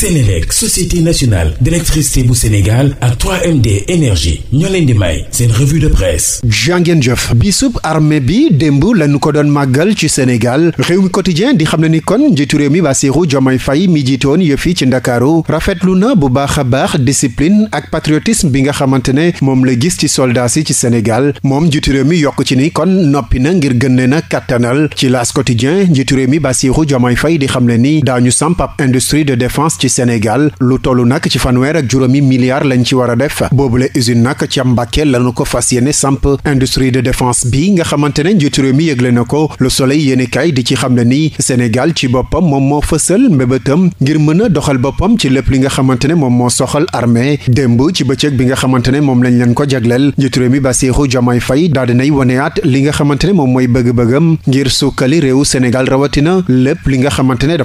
Sénélec société nationale d'électricité bu Sénégal ak 3MD énergie ñoo leen di may seen revue de presse. jàngeen jëf bisub armée bi démb lañu ko doon màggal ci Sénégal réew mi quotidien di xam ne ni kon njiitu réew mi Bassirou Diomaye fay mi jiitoon yëfi ci ndakaaru rafetlu na bu baax a baax discipline ak patriotisme bi nga xamante ne moom la gis ci soldats yi ci Sénégal moom njiitu mi yokk ci ni kon noppi na ngir gën leen a kattanal ci laas quotidien njiitu réew mi Bassirou Diomaye Faye di xam ni daañu samp industrie de défense ci Sénégal lu toll nag ci fanweer ak juróomi milliards lañ ci war a def boobule usine nag ca Mbàkke lanu ko fas yéene samp industrie de défense bi nga xamante ne njiitu mi yëgle na ko Le Soleil yéene kay di ci xam ne ni Sénégal ci boppam moom moo fësal mbébétam ngir mën a doxal boppam ci lépp li nga xamante ne moom moo soxal armée démb ci bëccëg bi nga xamante ne moom lañ leen ko jagleel njiitu réew mi Bassirou Diomaye Faye daal dinay waneyaat li nga xamante ne moom mooy bëgg-bëggam ngir sukkali réewu Sénégal rawatina li nga xamante ne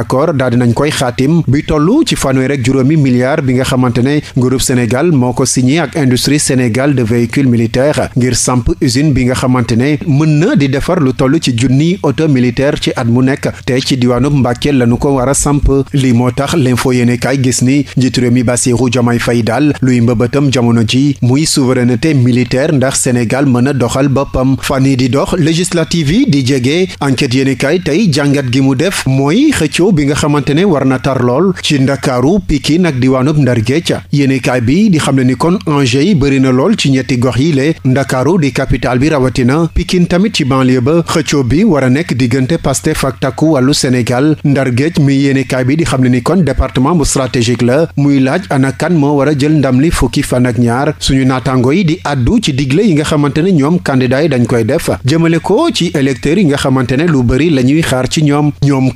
d'accord daal dinañ koy xaatim bi toll ci fanweer rek juróomi milliards bi nga xamante ne nguurub Sénégal moo ko signé ak industrie Sénégal de véhicules militaires ngir samp usine bi nga xamante ne mën na di defar lu toll ci junni auto militaire ci at mu nekk te ci diwaanub Mbàkke lañu ko war a samp lii moo tax l'info yéene kaay gis ni njiitu réew mi Bassirou Diomaye fay daal luy mbëbëtam jamono ji muy souveraineté militaire ndax Sénégal mën a doxal boppam fa yi di dox législative yi di jege enquête yéene tey jàngat gi mu def mooy xëccoo taw bi nga xamante ne war na tar lool ci ndakaaru Pikine ak diwaanub Ndar Géej yéenekaay bi di xam ne ni kon enjeu yi bëri na lool ci ñetti gox yi le ndakaaru di capital bi rawatina Pikine tamit ci banlieue ba xëccoo bi war a nekk diggante Pastef fak takku wàllu Sénégal Ndar Géej mi yéenekaay bi di xam ne ni kon département bu stratégique la muy laaj ana kan moo war a jël ndam li fukki fan ak ñaar suñu naataango yi di addu ci digle yi nga xamante ne ñoom candidat dañ koy def jëmale ko ci électeurs yi nga xamante ne lu bëri la ñuy xaar ci ñoom ñoom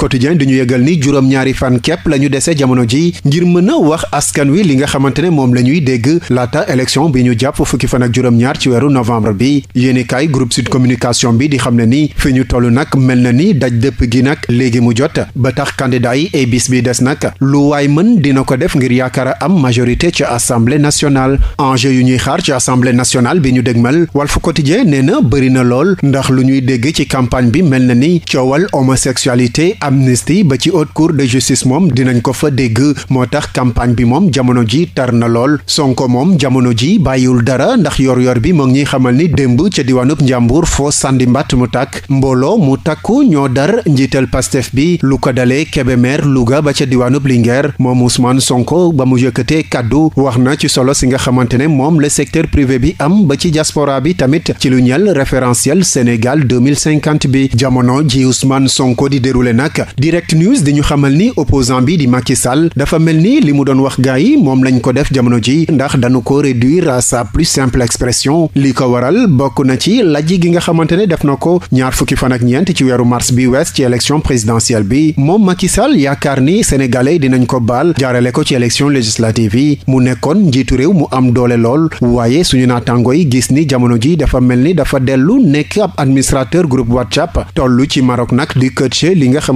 quotidien di ñu yëgal ni juróom-ñaari fan kepp lañu ñu dese jamono ji ngir mën a wax askan wi li nga xamante ne moom la ñuy dégg laata élection bi ñu jàpp fukki fan ak juróom-ñaar ci weeru novembre bi yéeni kaay groupe sud communication bi di xam ne ni fi ñu toll nag mel na ni daj dëpp gi nag léegi mu jot ba tax candidat yi ay bis bi des nag lu waaye mën dina ko def ngir yaakaar a am majorité ci assemblée nationale enjeu yu ñuy xaar ci assemblée nationale bi ñu dégmal Walf Quotidien nee na bëri na lool ndax lu ñuy dégg ci campagne bi mel na ni coowal homosexualité amnistie ba ci haute cour de justice moom dinañ ko fa dégg moo tax campagne bi moom jamono ji tar na lool sonko moom jamono ji bàyyiwul dara ndax yor-yor bi mu ngi ñuy xamal ni démb ca diwaanub njàmbur foo sandi mbatt mu tàkk mbooloo mu takku ñoo dar njiital pastef bi lu ko dalee Kébémer Louga ba ca diwaanub Linguère moom Ousmane Sonko ba mu yëkkatee kàddu wax na ci solo si nga xamante ne moom la secteur privé bi am ba ci diaspora bi tamit ci lu ñel référentiel Sénégal 2050 bi jamono ji Ousmane Sonko di déroulé nag nag direct news di ñu xamal ni opposant bi di Macky dafa mel ni li mu doon wax gaa yi moom lañ ko def jamono ji ndax dañu ko réduire à sa plus simple expression li ko waral bokk na ci lajj gi nga xamante ne def na ko ñaar fukki fan ak ñeent ci weeru mars bi wees ci élection présidentielle bi moom Macky Sall yaakaar ni sénégalais dinañ ko baal jaarale ko ci élection législative yi mu nekkoon njiitu réew mu am doole lool waaye suñu naataango yi gis ni jamono ji dafa mel ni dafa dellu nekk ab administrateur groupe WhatsApp tollu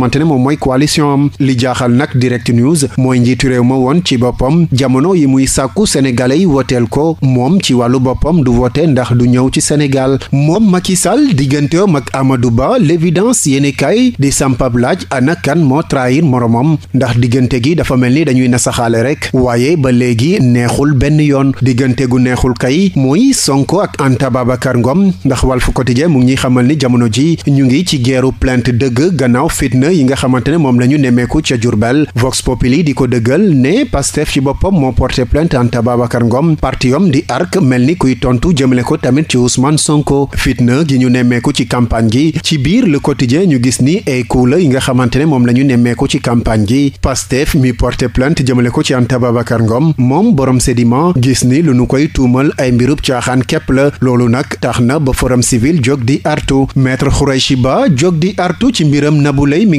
xamante ne moom mooy coalition am li jaaxal nag direct news mooy njiitu réew ma woon ci boppam jamono yi muy sàkku sénégalais yi woteel ko moom ci wàllu boppam du wote ndax du ñëw ci sénégal moom Macky Sall digganteem ak Amadou Ba l'évidence yéene kay di sampab laaj ana kan moo trahir moromam ndax diggante gi dafa mel ni dañuy nasaxaale rek waaye ba léegi neexul benn yoon diggante gu neexul kay mooy Sonko ak Anta Babacar Ngom ndax Walf Quotidien mu ngi ñuy xamal ni jamono ji ñu ngi ci geeru plainte dëgg gannaaw fitna yi nga xamante ne moom la ñu nemmeeku ca Diourbel Vox Populi di ko dëggal ne Pastef ci boppam moo porté plainte Anta Babacar Ngom partiyom di arc mel ni kuy tontu jëmale ko tamit ci Ousmane Sonko fitna gi ñu nemmeeku ci campagne gi ci biir Le Quotidien ñu gis ni ay coup yi nga xamante ne moom la ñu nemmeeku ci campagne gi Pastef mi porté plainte jëmale ko ci Anta Babacar Ngom moom borom sédiment gis ni lu nu koy tuumal ay mbirub caaxaan képp la loolu nag tax na ba forum civil jóg di artu maître Khouraychi Ba jóg di artu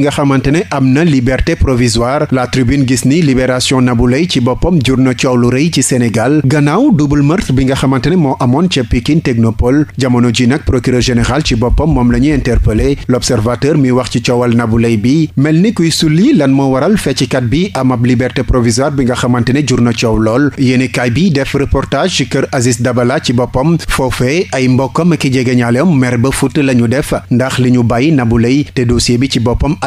nga xamante ne am na liberté provisoire la tribune gis ni libération Nabou Leye ci boppam jur na coow lu rëy ci Sénégal gannaaw double meurtre bi nga xamante ne moo amoon ca Pikine Technopole jamono ji nag procureur général ci boppam moom la ñuy interpellé l'observateur mi wax ci coowal Nabou Leye bi mel ni kuy sulli lan moo waral fecckat bi am ab liberté provisoire bi nga xamante ne jur na coow lool yéenekaay bi def reportage ci kër Aziz Dabala ci boppam foofee ay mbokkam ki jege ñaaleem ba fut la def ndax li ñu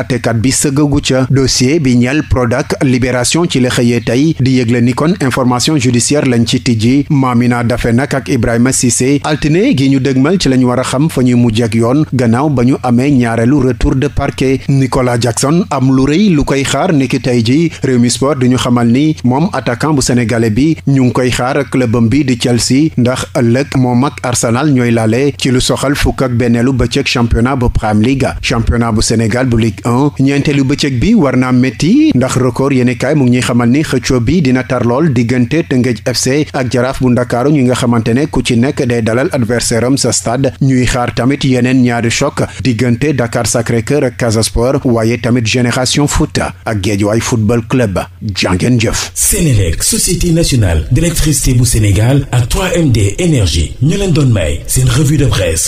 àttekat bi sëggagu ca dossier bi ñeel Prodac libération ci la xëyee tey di yëgle ni kon information judiciaire lañ ci tijji Mamina Dafe nag ak Ibrahima Cissé altine gi ñu dëgmal ci lañ war a xam fa ñuy mujj ak yoon gannaaw ba ñu amee ñaareelu retour de parquet Nicolas Jackson am lu rëy lu koy xaar niki tey ji Rewmi Sport duñu xamal ni moom attaquant bu sénégalais bi ñu ngi koy xaar clubam bi di Chelsea ndax ëllëg moom ak Arsenal ñooy laale ci lu soxal fukk ak benneelu bëccëg championnat bu Prime Sénégal saison ñeenteelu bëccëg bi war naa métti ndax record yéenekaay mu ngi ñuy xamal ni xëccoo bi dina tarlool diggante Tëngéej FC ak Jaraaf bu Ndakaaru ñi nga xamante ne ku ci nekk day dalal adversaire am sa stade ñuy xaar tamit yeneen ñaari choc diggante Dakar Sacré-Cœur ak Casa Sport waaye tamit Génération Foot ak Guédiawaye Football Club jàngeen jëf Sénélec Société nationale d'électricité bu Sénégal ak 3MD énergie ñu leen doon may seen revue de presse